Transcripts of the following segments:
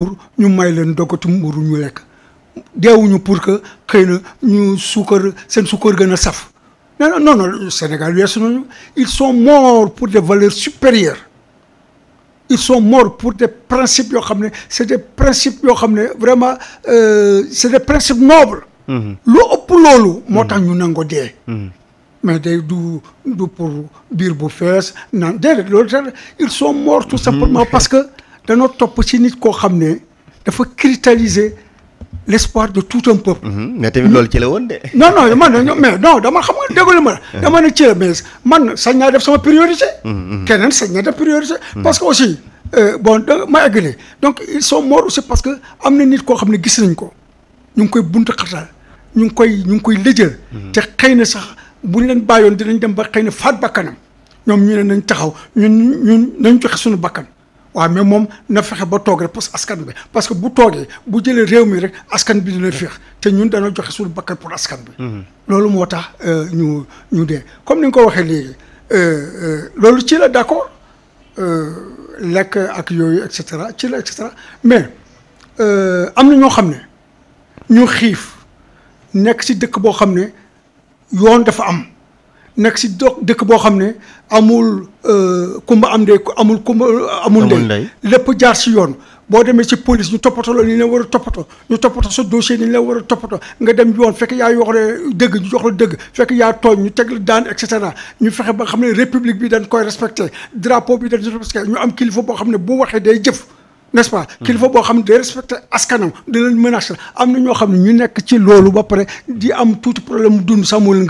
pour ñu may leen doggatu mburu ñu lekk deewuñu pour que xëy na ñu suukar seen suukar gën a saf non no non Sénégal weesu nañu ils sont morts pour des valeurs supérieures ils sont morts pour des principes yoo xam ne c'est des principes yoo xam ne vraiment euh, c'est des principes nobles mm-hmm. loo ëpp loolu moo tax mm-hmm. ñu nangoo dee mm-hmm. mais de du du pour biir bu fees naan de loolu tax ils sont morts tout simplement parce que danoo topp si nit koo xam ne dafa cristalliser l' espoir de tout un peuple. Mhm, mais tamit loolu ci la woon de. non non man mais non dama xam nga déglu ma la. Mhm. dama ne ci la mais man sañ naa def sama priorité. Mhm, keneen sañ naa def priorité. parce que aussi euh, bon ma eggale donc ils sont morts aussi parce que am na nit koo xam ne gis nañ ko ñu ngi koy bunt xatal ñu ngi koy ñu ngi koy lëjal. te xëy na sax bu leen bàyyoon dinañ dem ba xëy na faat bakkanam ñoom ñu ne nañ taxaw ñu ñun nañ joxe suñu bakkan. waaw mais moom na fexe ba toog rek parce que askan bi parce que bu toogee bu jëlee réew mi rek askan bi dina féex te ñun dana joxe suñu bakkan pour askan bi mhm. loolu moo tax euh, ñu ñu dee comme ni nga ko waxee léegi euh, euh, loolu ci la d'accord lekk ak yooyu et cetera ci la et cetera mais am na ñoo xam ne ñu xiif nekk si dëkk boo xam ne yoon dafa am nekk si do dëkk boo xam ne amul euh, kumba am ndey amul kumba euh, amul ndey lépp jaar si yoon boo demee si police ñu toppatoo la ni ñu la war a toppatoo ñu toppatoo sa dossier ni ñu la war a toppatoo nga dem yoon fekk yaa yoxle dëgg ñu jox la fekk yaa tooñ ñu teg la daan et cetera ñu fexe ba xam ne république bi dañ koy respecté drapeau bi dañ koy respecté ñu am kilifa boo xam ne bu waxee day jëf n'est-ce pas kilifa boo xam ne day respecté askanam di leen menacé am na ñoo xam ne ñu nekk ci loolu ba pare di am tuuti problème dund sa moo leen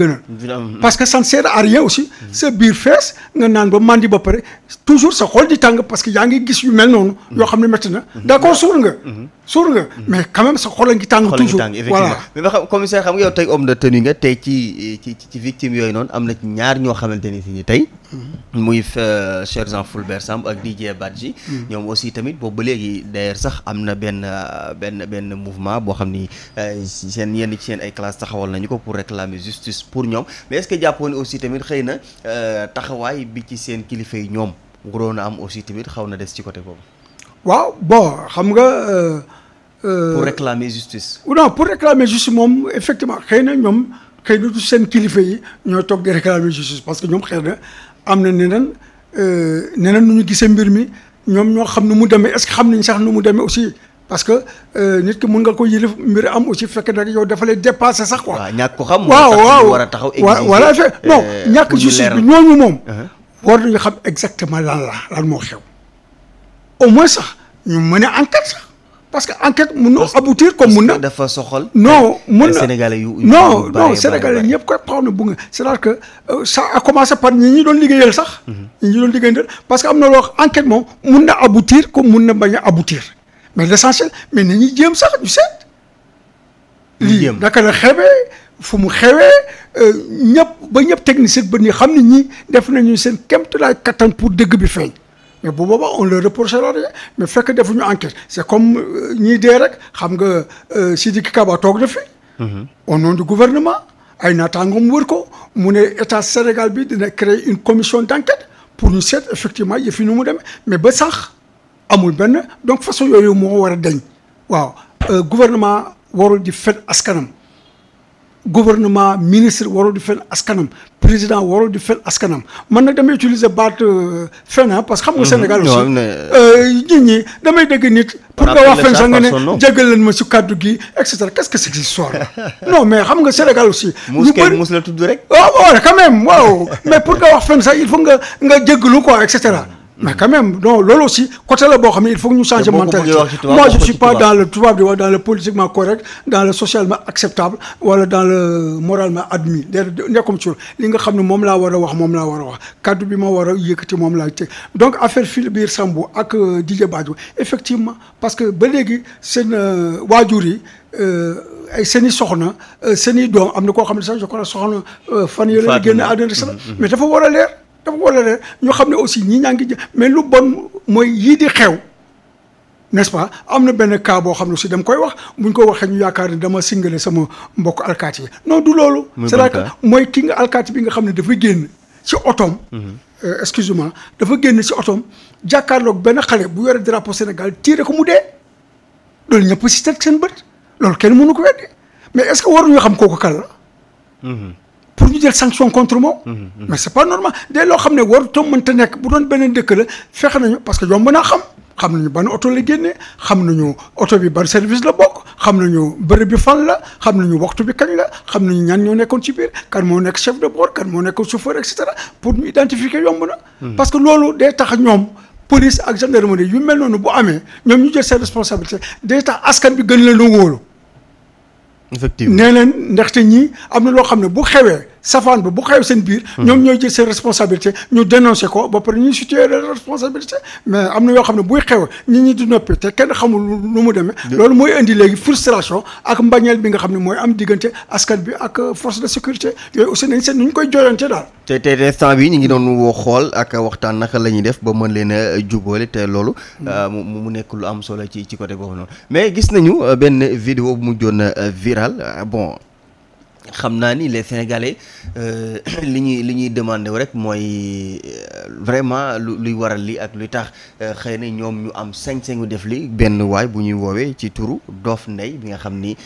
parce que san ne sert à rien aussi sa biir fees nga naan ba mandi ba pare toujours sa xool di tàng parce que yaa ngi gis yu mel noonu mm-hmm. yoo xam ne métti na d'accord suur nga mm-hmm. suur nga mm-hmm. mais quand même sa xool a ngi tàng toujours voilà mais ba xam commissaire xam nga yow tey homme de tenue nga tey ci ci ci yooyu noonu am na ci ñaar ñoo xamante ni si ñi tey Mm-hmm. muy euh, cher Jean Fulbert Samb ak DJ ji mm-hmm. ñoom aussi tamit boobu ba léegi d'ailleurs sax am na benn euh, benn benn mouvement boo xam ni euh, seen yenn ci seen ay classes taxawal nañu ko pour réclamer justice pour ñoom mais est-ce que jàppoon aussi tamit xëy na taxawaay bi ci seen kilifa yi ñoom waroon a am aussi tamit xaw na des ci côté boobu. waaw bon xam nga. pour réclamer justice. non pour réclamer justice moom effectivement xëy na ñoom xëy na seen kilifa yi ñoo toog di réclamer parce que ñoom xëy na. am na neneen euh, neneen nu ñu gisee mbir mi ñoom ñoo xam nu mu demee est-ce que xam nañ sax nu mu demee aussi parce que euh, nit ki mun nga ko yilif mbir am aussi fekk nag yow defalee lay dépassé sax quoi. waaw ñàkk ko xam. waaw waaw war a taxaw voilà euh, non ñàkk justice bi ñooñu moom. Uh-huh. war nañu xam exactement lan la lan moo xew. au moins sax ñu mën a enquête sax. parce que enquête mun na aboutir comme mun na dafa soxal. non mun na sénégalais yu. non non ñëpp ko xam na bu nga c'est-à-dire que euh, a commencé par ñi ñu doon liggéeyal sax. Mhm. ñi ñu doon liggéeyal parce que am na loo enquête moom mun na aboutir comme mun na bañ a aboutir mais l'essentiel mais na ñuy jéem sax ñu seet. lii na la xewee fu mu xewee euh, ñëpp ba ñëpp technicien ba ni xam ne ñi def nañu seen kéemtulaay kattan pour dégg bi feeñ. mais bu boobaa on le reprochera rien mais fekk defuñu enquête c' comme euh, ñiy dee rek xam nga euh, Sidiki Kaba toog na fi. Mhm. au nom du gouvernement ay naataangoom wër ko mu ne état Sénégal bi dina créer une commission d' pour ñu seet effectivement yëf yi nu mu demee mais ba sax amul benn donc façon yooyu moo war a deñ waaw euh, gouvernement warul di fet askanam. gouvernement ministre warul di fen askanam président warul di fen askanam man nag damay utiliser baat euh, fen ah, parce que xam nga mhm. Sénégal aussi euh, nit ñi damay dégg nit pour nga wax fen sax nga ne jégal leen ma si kàddu gi et cetera qu'est-ce que c'est que histoire non mais xam nga Sénégal aussi muus kay muus la tudd rek waaw ah, waaw quand même waaw mais pour nga wax fen sax il faut nga nga jégalu quoi et cetera Mm. mais quand même non loolu aussi côté la boo xam ne il faut que ñu changer mentalité moi je suis pas dans le tubaab di wax dans le politiquement correct dans le socialement acceptable wala dans le moralement admis déedéet nekkum ci li nga xam ne moom laa war a wax moom laa war a wax kaddu bi ma war a yëkkati moom laa teg donc affaire Fulbert Sambou ak euh, Didier Badji effectivement parce que ba léegi seen euh, waajur yi euh, ay seen i soxna seen i doom am na koo xam ne sax je crois soxna fan yële génn àddina mm-hmm. mais dafa war a leer dafa wala leer ñu xam ne aussi ñi ñaa ngi mais lu bon mooy yii di xew n'est-ce pas am na benn kaa boo xam ne aussi dama koy wax buñ ko waxee ñu yaakaar ne dama singale sama mbokk alkaati bi non du loolu cest à mooy ki nga alkaati bi nga xam ne dafa génn ci otoom mm-hmm. euh, excuse dafa génn ci otoom jàkkaarloog benn xale bu yore drapeau Sénégal tiire ko mu dee loolu ñëpp si teg seen bët loolu kenn mënu ko weddi mais est-ce que waruñu xam kooku kan la mm-hmm. pour ñu jël sanction contre moom. Mm-hmm, mm-hmm. mais c'est pas normal de loo xam ne waruta mënta nekk bu doon beneen dëkk la nañu parce que yomb naa xam xam nañu ban oto la génnee xam nañu oto bi ban service la bokk xam nañu bërëb bi fan la xam nañu waxtu bi kañ la xam nañu ñan ñoo nekkoon ci biir kan moo nekk chef de bord kan moo nekk chauffeur et cetera pour ñu identifier yomb na. Mm-hmm. parce que loolu day tax ñoom police ak gendarmerie yu mel noonu bu amee ñoom ñu jël seen responsabilité day askan bi gën leen a wóolu. effectivement nee leen ndaxte ñi am na loo xam ne bu xewee safaan bi bu xew seen biir. Hmm. ñoom ñooy jël seen responsabilité ñu dénoncé ko ba pare ñu situé responsabilité mais am na yoo xam ne buy xew ñi ñi di noppi te kenn xamul lu mu demee. loolu mooy indi léegi frustration ak mbañeel bi nga xam ne mooy am diggante askan bi ak euh, force de sécurité yooyu aussi nañ seen nu ñu koy jooyante daal. te te instant bi ñu ngi doon woo xool ak waxtaan naka la ñuy def ba mën leen a euh, jubóole te loolu. Hmm. Euh, mu nekk lu am solo ci ci côté boobu noonu mais gis nañu benn vidéo bu mu joon viral bon. xam naa ni les sénégalais euh, li ñuy li ñuy demandé rek mooy euh, vraiment lu luy waral li ak luy tax euh, xëy na ñoom ñu am sañ-sañu def li benn waay bu ñuy woowee ci turu Dof ndey bi nga xam ni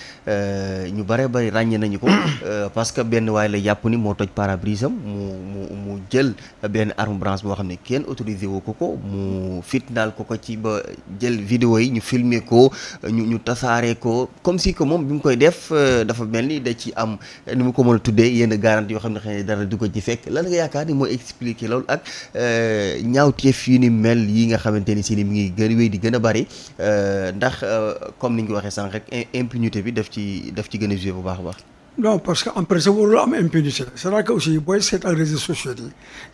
ñu bare bari ràññee nañu ko parce que benn waay la jàpp ni moo toj pare mu mu. jël benn arme blanche boo xam ne kenn autorisé wu ko ko mu fitnaal ko ko ci ba jël vidéo yi ñu filmer ko ñu ñu tasaaree ko comme si que moom bi mu koy def euh, dafa mel ni da ci am nu mu ko mën a tuddee yenn garantie yoo xam ne xëy dara du ko ci fekk lan nga yaakaar ni mooy expliquer loolu ak euh, ñaawteef yu ni mel yi nga xamante ni si ni mi ngi gën wéy di gën a bari euh, ndax comme ni ñu ko waxee sànq rek impunité bi daf ci daf ci gën a joué bu baax a non parce que en presse warul am impunité c'est-à-dire que aussi booy seet ak réseaux sociaux yi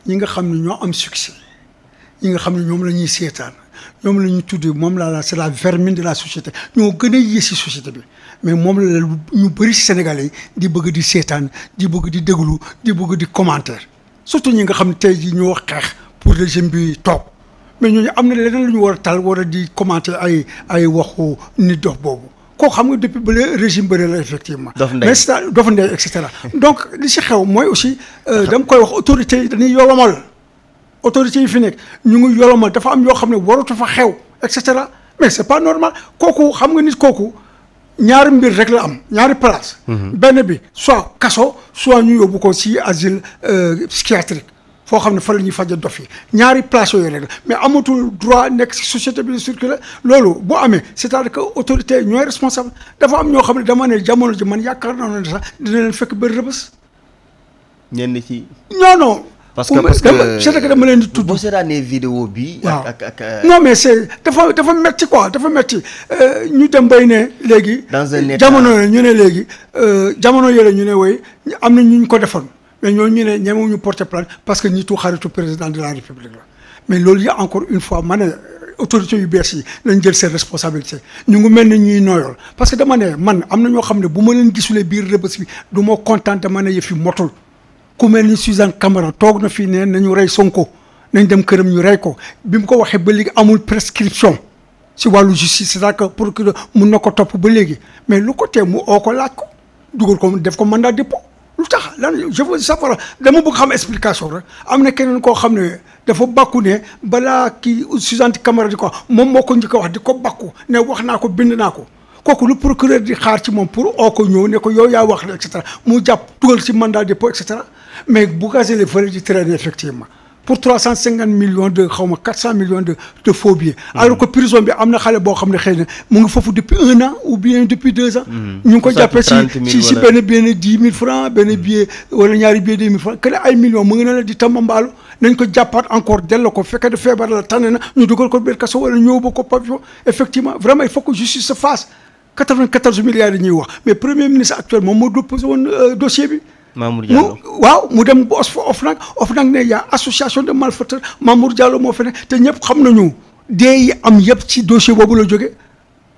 ñi nga xam ne ñoo am succès ñi nga xam ne ñoom la ñuy seetaan ñoom la ñuy tuddee moom laa la c'est la vermine de la société ñoo gën a yées si société bi mais moom la ñu bëri si di bëgg di seetaan di bëgg di déglu di bëgg di commentaire surtout ñi nga xam ne tey jii ñu wax xeex pour régime bi toog mais ñooñu am na leneen lu ñu war a tal war a di commenter ay ay waxu nit dox boobu. koo xam nga depuis ba régime bëri la effectivement. dof ndey mais c' est dof ndey et donc li si xew mooy aussi. Euh, dama koy wax autorités yi dañuy yolomal autorité yi fi nekk ñu ngi yolomal dafa am yoo xam ne waratu fa xew et cetera mais c' est pas normal kooku xam nga nit kooku ñaari mbir rek la am ñaari place. Mhm. benn bi soit kaso soit nu yóbbu ko si asile euh, psychiatrique. foo xam ne fa la ñuy faja dof yi ñaari place yooyu rek la mais amatul droit nekk si bi di circuler loolu boo amee c'est-à-dire que autorité ñooy responsable dafa am ñoo xam ne dama ne jamono ji man yaakaar naa ne sax dina leen fekk ba rëbës. ñenn ci. non parce que parce que c'est que di tudd. boo seetaanee vidéo bi. ak ak ak euh, non mais c'est dafa dafa dafa metti euh, ñu dem bay ne léegi. dans un état ñu ne léegi euh, jamono yooyu ñu ne woy am na ñu ko defoon. mais ñooñu ñu ne ñemewuñu porter plainte parce que ñitu xaritu président de la république la mais loolu yi encore une fois ma ne autorité yu bees yi lañ jël seen responsabilité ñu ngi mel ne ñuy nooyool parce que dama ne man am na ñoo xam ne bu ma leen gisulee biir rëbës si du ma kontaan dama ne yëf yi motul ku mel ni Suzanne Camara toog na fii ne nañu rey Sonko nañ dem këram ñu rey ko bi mu ko waxee ba léegi amul prescription si wàllu justice c'est-à-dire que mun na ko topp ba léegi mais lu ko tee mu oo ko laaj dugal ko def ko mandat dépôt lu tax lan je veux savoir dama bëgg xam explication rek am na keneen koo xam ne dafa bakku ne balaa kii Suzanne Camara di ko moom moo ko njëkk wax di ko bàkku ne wax naa ko bind naa ko kooku lu procureur di xaar ci moom pour oo ko ñëw ne ko yow yaa wax la et mu jàpp dugal ci mandat de dépôt et cetera mais bu gazee les volets du terrain effectivement. pour trois cent cinquante millions de xaw millions de de faux billets. alors que prison bi am na xale boo xam ne xëy na mu ngi foofu depuis un an ou bien depuis deux ans. Mm-hmm. ñu ngi ko jàppee si si si benn benn dix mille francs benn billet wala ñaari billet dix mille francs que ay millions mu ngi ne la di tambambaalu nañ ko jàppaat encore delloo ko fekk de feebar la tànn na ñu dugal ko biir wala ñëw ba ko pavillon effectivement vraiment il faut que justice se quatre-vingt-quatorze wax mais premier Mamour Diallo waaw mu dem ba OFNAC OFNAC ne yaa association de malfaiteurs Mamour Diallo moo fa ne te ñëpp xam nañu dee yi am yëpp ci dossier boobu la jógee.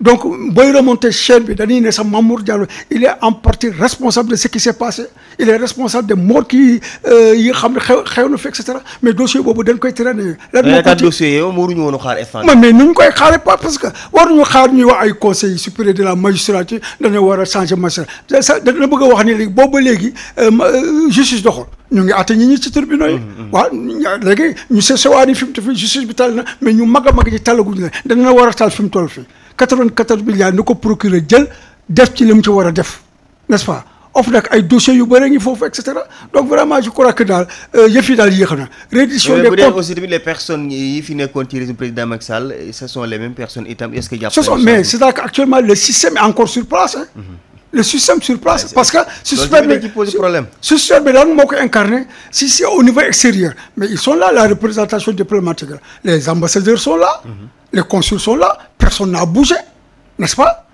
donc booy remonter chaîne bi dañuy ne sax Mamour Diallo il est en partie responsable de ce qui s'est passé il est responsable des morts qui euh, yi xam ne xew na fi et cetera mais dossier boobu dañ koy traîner. lan moo ko ci dossier yow waruñu woon xaar instant mais ni ñu koy xaaree pas parce que waruñu xaar ñuy wax ay conseil supérieur magistrature a changer dana bëgg a wax ni léegi boobu ba léegi euh, euh, justice doxul ñu ngi àtte ñi ñi ci tribunaux yi. Mm, mm. waaw léegi ñu seet sewaani fi mu toll fii justice bi tal na mais ñu mag a mag ñi talaguñu la dana war a tal fi mu toll fii. 94 milliards ni ko procureur jël def ci li mu ci war a def n'est-ce pas of nag ay dossiers yu bëre ngi foofu et cetera donc vraiment je crois que daal euh, yëf yi daal na. reddition des les personnes yi fi nekkoon ci président Macky ce sont les mêmes personnes itam mais cest à que actuellement le système encore sur place. le système sur place parce que système bi pose problème système bi daan moo ko incarné si c'est au niveau extérieur mais ils sont là la représentation diplomatique la les ambassadeurs sont là mhm. les consuls sont là personne n'a bougé n'est-ce pas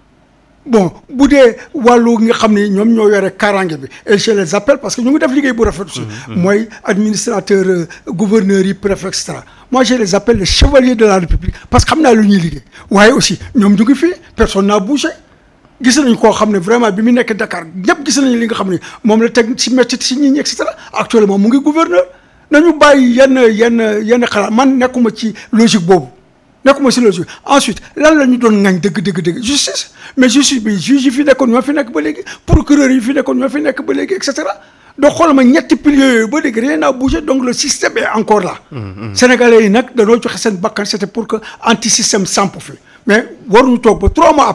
bon bu dee wàllu nga xam ne ñoom ñoo yore kaaraange bi et je les appelle parce que ñu ngi def liggéey bu rafet aussi mhm, mhm. mooy administrateur euh, gouverneur yi préfet et cetera moi je les appelle les chevaliers de la république parce que xam na lu ñuy liggéey waaye aussi ñoom ñu ngi personne n'a bougé gis nañ koo xam ne vraiment bi mu nekk Dakar ñëpp gis nañ li nga xam ne moom la teg si métti si ñi ñi actuellement mu ngi gouverneur nañu bàyyi yenn yenn yenn xalaat man ma ci logique boobu ma si logique ensuite lan la ñu doon ngañ dëgg dëgg dëgg justice mais justice bi juge yi fi nekkoon ñoo fi nekk ba léegi procureur yi fi nekkoon ñoo fi nekk ba léegi et cetera donc xool ma ñetti piliers ba léegi rien n'a bougé donc le système est encore là sénégalais yi nag dañoo seen bakkan c'était pour que anti système samp fi mais waruñu toog ba trois